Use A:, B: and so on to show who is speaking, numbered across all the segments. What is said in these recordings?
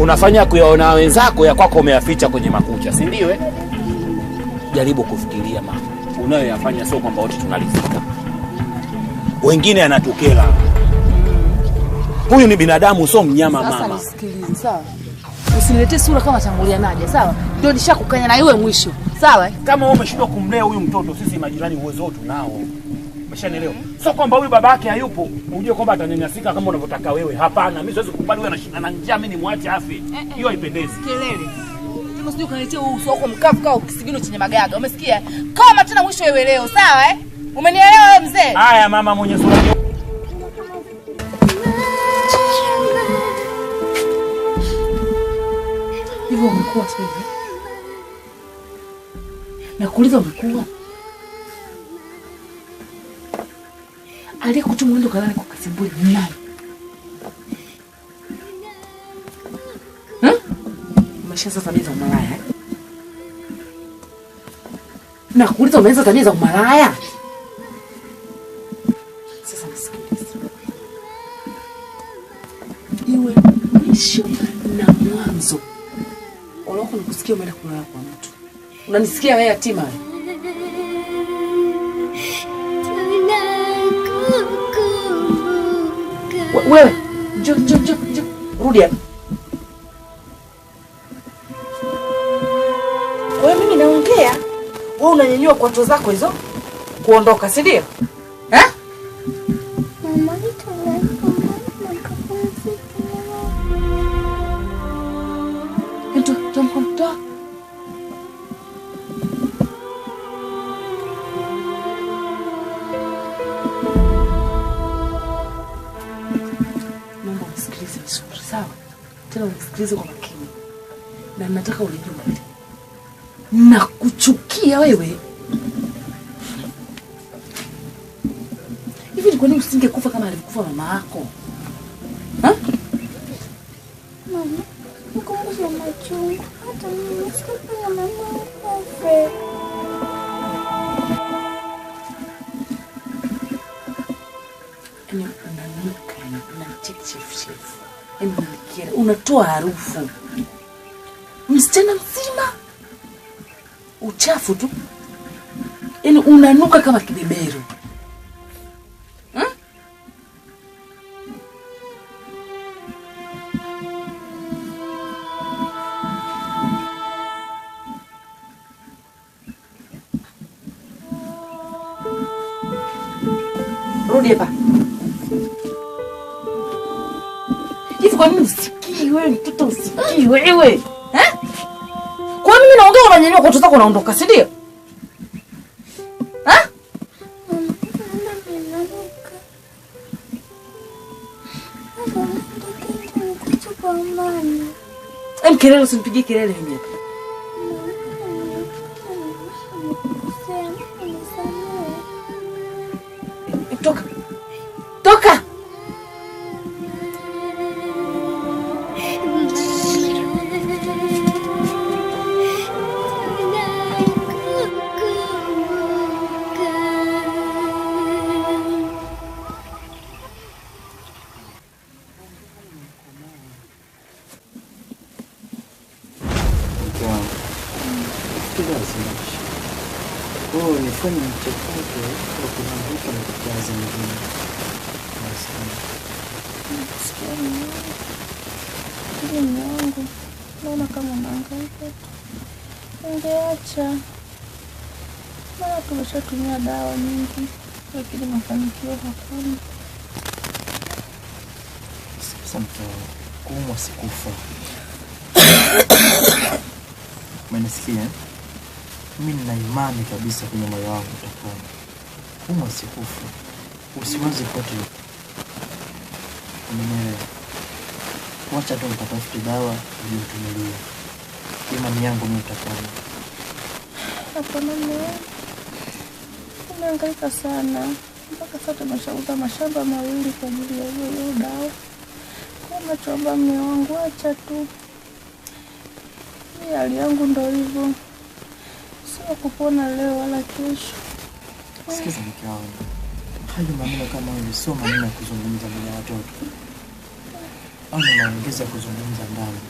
A: unafanya kuyaona wenzako ya kwako umeyaficha kwenye makucha, si ndio? Eh, jaribu kufikiria mama, unayoyafanya sio kwamba wote tunalifika wengine anatukela. Huyu ni binadamu, sio mnyama mama.
B: Nisikilize sawa, sura kama tangulia naje, sawa? Ndio nishakukanya na iwe mwisho, sawa?
A: Kama wewe umeshindwa kumlea huyu mtoto, sisi majirani uwezo tunao action leo. Sio kwamba huyu baba yake hayupo, unajua kwamba atanyanyasika kama unavyotaka wewe. Hapana, mimi siwezi kukubali wewe na njia mimi nimwache afi. Eh, eh. Hiyo haipendezi.
B: Kelele. Kama sijui kaniletea uso soko mkavu kama kisigino chenye magaga. Umesikia? Kama tena mwisho wewe leo, sawa eh? Umenielewa wewe mzee?
A: Haya mama mwenye sura nyeupe.
B: Hivyo umekuwa sasa hivi. Nakuuliza umekuwa. aliyekutuma uende ukalale kwa Kasambwe ni nani? Hmm? Umeshaanza tabia za umalaya. Na kuuliza umeanza tabia Sasa nisikilize. Iwe mwisho na mwanzo. Unaona kusikia umeenda kulala kwa mtu. Unanisikia wewe yatima? Wewe njoo, njoo, njoo, njoo. Rudi hapa. Kwa mimi naongea, wewe unanyanyua kwato zako hizo kuondoka, si ndio? Eh? Hivi ni kwa nini usingekufa kama alivyokufa mama yako? unatoa harufu msichana mzima, uchafu tu, yaani unanuka kama kibebe Rudi hapa. Hivi kwa nini usikii wewe mtoto usikii wewe? Eh? Kwa mimi naongea unanyanyua kwa tutako unaondoka, si ndio? Eh? Mkelele usinipigie kelele hapa.
C: mke wangu kila azimashi kwao, nifanye mchakato wa kuhangaika na kukazi mingine. Nasikia mume wangu, ili mume wangu, naona kama unahangaika, ungeacha mara. Tumeshatumia dawa nyingi, lakini mafanikio hakuna.
D: Sasa mke wangu, kuumwa sikufa Umenisikia? Eh? Mimi nina imani kabisa kwenye moyo wangu utapona. Kumwa sikufu, usiwazi kote, umenielewa? Wacha tu nitafute dawa iliyotumilia. Imani yangu mimi utapona.
C: Hapana mume wangu, sana mpaka sasa tumeshauza mashamba mawili kwa ajili ya hiyo dawa. Kama nachoomba mimi wangu, acha tu hali yangu ndo hivyo, sio kupona leo wala kesho.
D: Sikiza mke wangu, hayo maneno kama hayo sio maneno ya kuzungumza bila watoto ana maongezi ya kuzungumza ndani,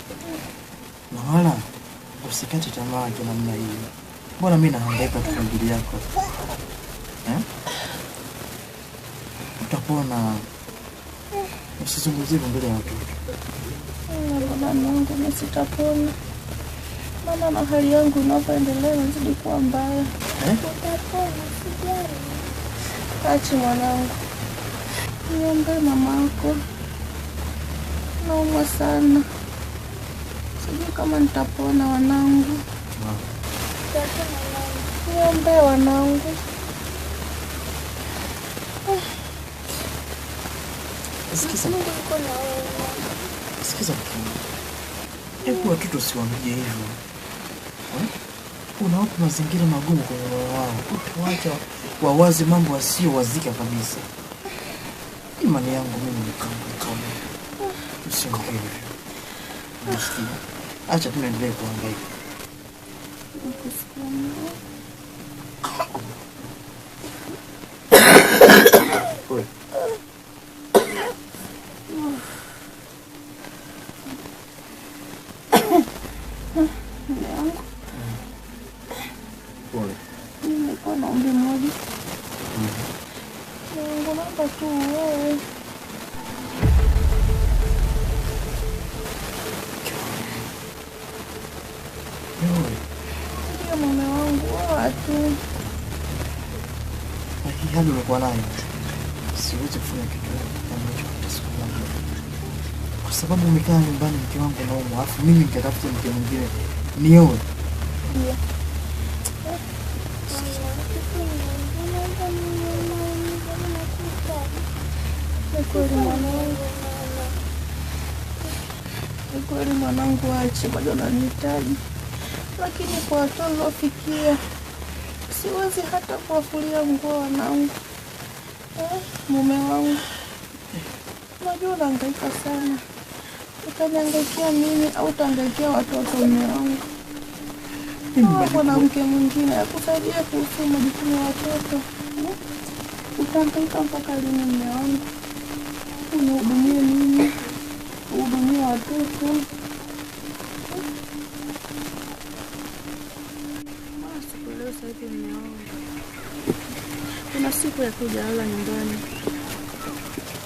D: na wala usikate tamaa kwa namna hiyo. Mbona mimi nahangaika tu kwa ajili yako eh? Utapona, usizungumzie mbele ya watoto.
C: Baba Mungu, mimi sitapona. Maana na hali yangu inavyoendelea inazidi kuwa mbaya. Eh? Achi mwanangu, niombee mama yako, naumwa sana, sijui kama nitapona wanangu. Niombee wanangu.
D: Sikiza, hebu watoto siwaambie hivyo unawapa mazingira magumu kwa moyo wao, wa wazi mambo asiyowazika kabisa. Imani yangu mimi ni kama kama msiongee Acha tunaendelee kuhangaika.
C: Nakusikia.
D: na hii hali umekuwa nayo, siwezi kufanya kitu ambacho kitasukuma kwa sababu umekaa nyumbani, mke wangu naumwa, alafu mimi nikatafuta mke mwingine nioe?
C: kweli mwanangu, ache bado ananihitaji, lakini kwa hatua uliofikia siwezi hata kuwafulia nguo wanangu eh, mume wangu. Unajua unaangaika sana, utaniangaikia mimi au utahangaikia watoto? Mume wangu mwanamke mwingine akusaidia kuhusu majukumu ya watoto, eh, utangaika mpaka lini? Mume wangu, unihudumie mimi, uhudumie watoto sasa Kuna siku ya kujalala nyumbani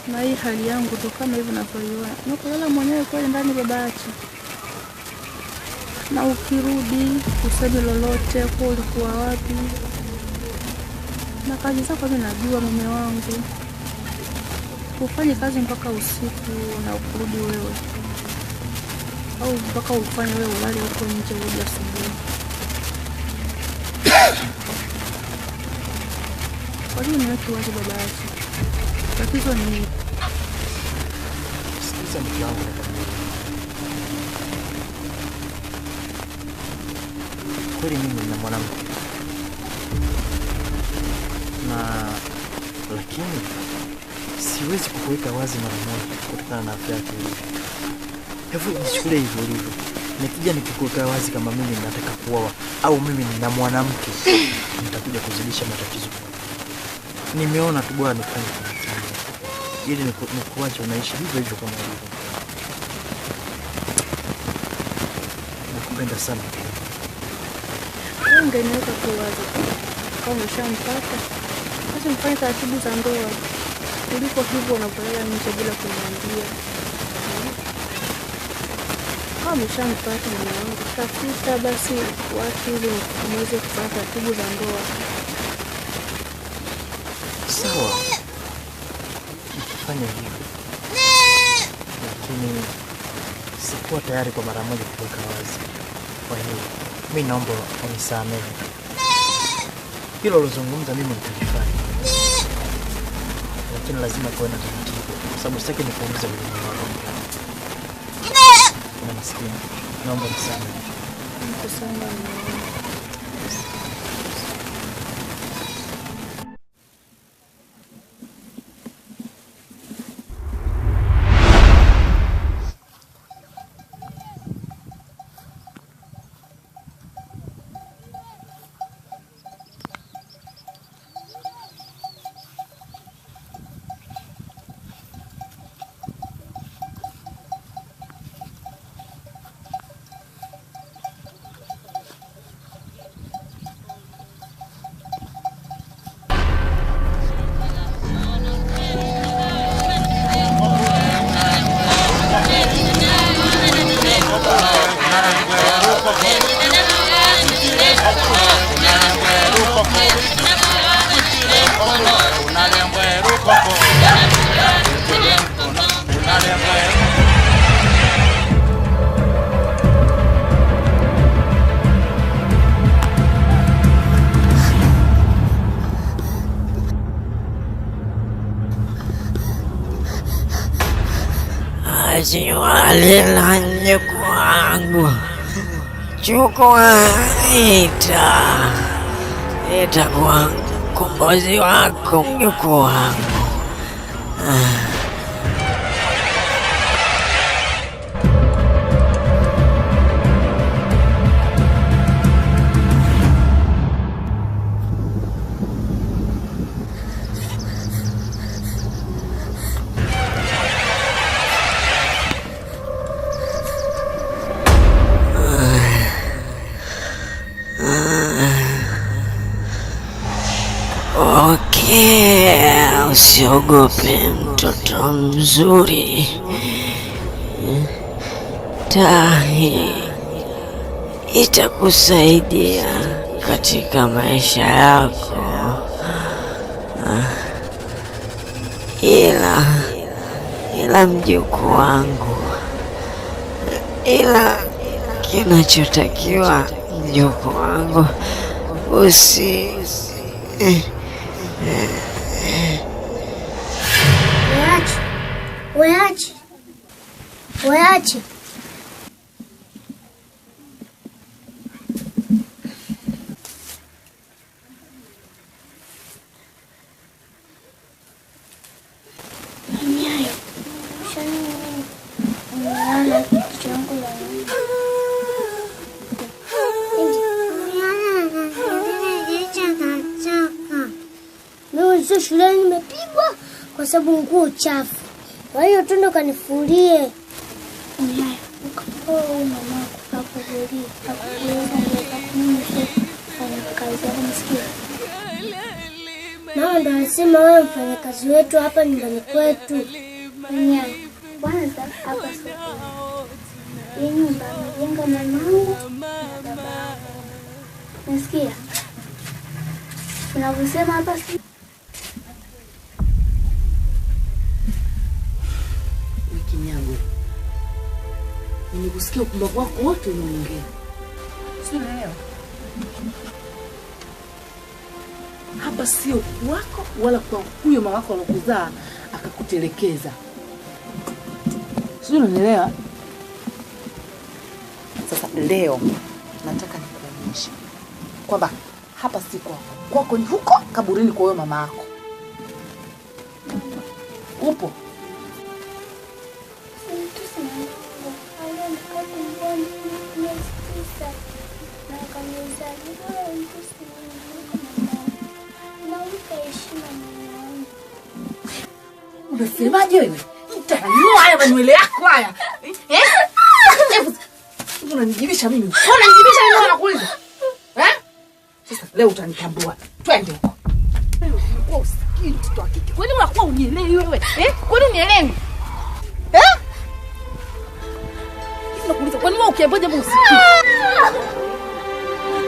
C: na hii hali yangu tu kama hivyo navyoiona, kulala mwenyewe kweli ndani babacha, na ukirudi usemi lolote kuwa ulikuwa wapi, na kazi zako mi najua, mume wangu ufanye kazi mpaka usiku na ukurudi wewe, au mpaka ufanye wewe ulale huko nje uje Kwa nini watu waje baba yake? Tatizo ni
D: Sikiza mke wangu. Kweli mimi nina mwanamke na lakini siwezi kukuweka wazi mara moja kutokana na afya yako Hebu nichukulie hivyo ulivyo. Nikija nikikuweka wazi kama mimi nataka kuoa au mimi nina mwanamke, nitakuja kuzidisha matatizo. Nimeona tu bwana nifanye ili nikuache unaishi hivyo hivyo kama hivyo. Nakupenda sana pia.
C: Ungeniweza kuwaza kwa umeshampata, basi mfanye taratibu za ndoa kuliko hivyo unapolala nje bila kumwambia. Kama umeshampata mume wangu, tafuta basi wakili mweze kufanya taratibu za ndoa.
D: kufanya hivyo, lakini sikuwa tayari kwa mara moja kuweka wazi. Kwa hiyo mi naomba unisamehe, hilo lozungumza mimi nitalifanya, lakini lazima kuwe na taratibu, kwa sababu sitaki nikuumiza ulimi wako. Na maskini, naomba nisamehe.
E: lila nyikwangu, chukua, ita itakuwa mkombozi wako, ah. Okay, usiogope mtoto mzuri. Tahi itakusaidia katika maisha yako, ila ila mjukuu wangu, ila kinachotakiwa mjukuu wangu usi usi. Eh,
F: Voyage. Voyage. Voyage. sababu nguo chafu. Kwa hiyo twende kanifulie. Mama ndo anasema wewe mfanyakazi wetu hapa nyumbani kwetu. hapa nyumba unavyosema hapa si
B: yangu. Nimekusikia upumbavu wako wote unaongea. Sio leo. Hapa sio kwako wala kwa huyo mama wako alokuzaa akakutelekeza. Sio unanielewa? Sasa leo nataka nikuonyeshe kwamba hapa si kwako. Kwako ni huko kaburini kwa huyo mama yako. Upo? Unasemaje wewe? Mtaniua haya manywele yako haya. Eh? Unanijibisha mimi. Unanijibisha mimi nakuuliza. Eh? leo utanitambua. Twende huko. Wewe usikii mtoto wa kike. Kwani unakuwa unielewi wewe? Eh? Kwani unielewi? mtoto. Kwa nini wewe ukiambaje mbona usikii?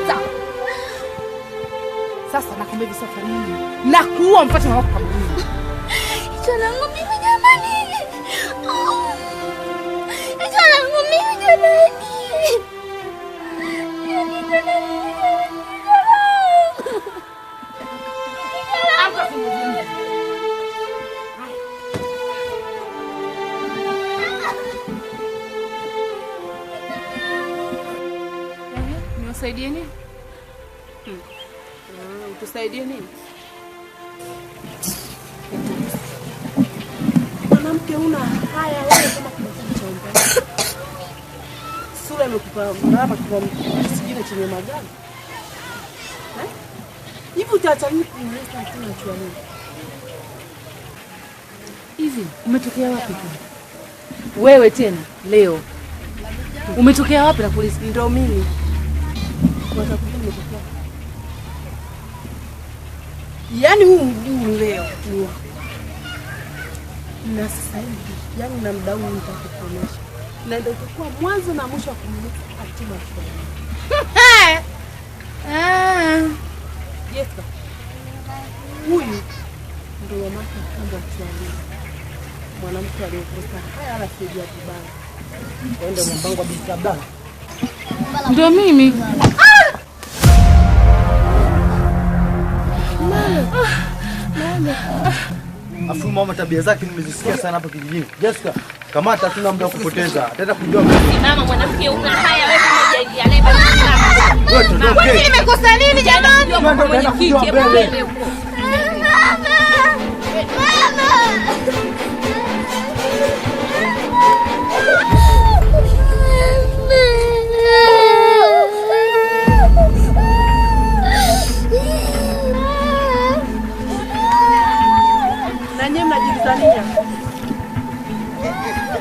B: Sawa. Sasa nakwambia hivi safari hii. Nakuua mpate na wako kwa mguu.
F: Hicho langu mimi jamani.
B: utusaidie nini? Hmm. Hmm, nikusaidie nini? Mwanamke una haya wewe kama kumchomba. Sura imekupa mraba kwa kisigino chenye magari. Eh? Hivi utachangia kumleta mtu na chua nini? Hivi umetokea wapi tu? Wewe tena leo. Umetokea wapi na polisi? Ndio mimi. Yaani huu mguu leo tuwa Na sasa hivi, yaani na mdau nitakukomesha. Na ndio utakuwa mwanzo na mwisho wa kumiliki akiba kwa. Ah. Huyu ndio mamake kamba tualie. Mwanamke aliyekosa haya ala sijia vibaya. Ndio wa Ndio mimi.
G: Afu mama tabia zake nimezisikia sana hapa kijijini. Jessica, kamata tuna muda kupoteza. Ataenda kujua.
B: Mama mwanamke una haya wewe kama hujajia. Wewe nimekosa nini jamani? Mama. Mama.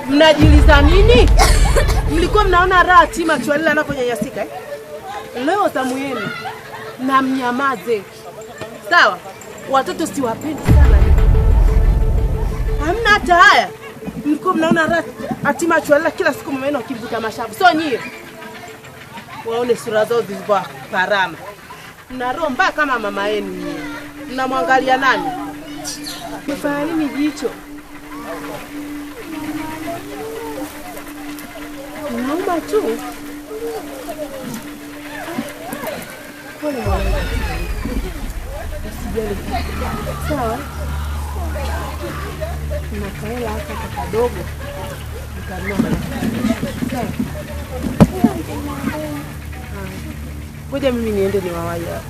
B: mnajiuliza nini? Mlikuwa mnaona raha Tima Chwalila anaponyanyasika eh? Leo zamu yenu na mnyamaze, sawa? Watoto siwapendi sana, hamna hata haya. Mlikuwa mnaona raha Atima Chwalila kila siku mmeona wakivuta mashavu, so nyie waone sura zao parama Mna roho mbaya kama mama yenu Mnamwangalia nani? Mfanya nini jicho Naomba tu pole mwanangu, usijali. Sawa, na kaela hapa kwa kadogo Ngoja mimi niende niwawaya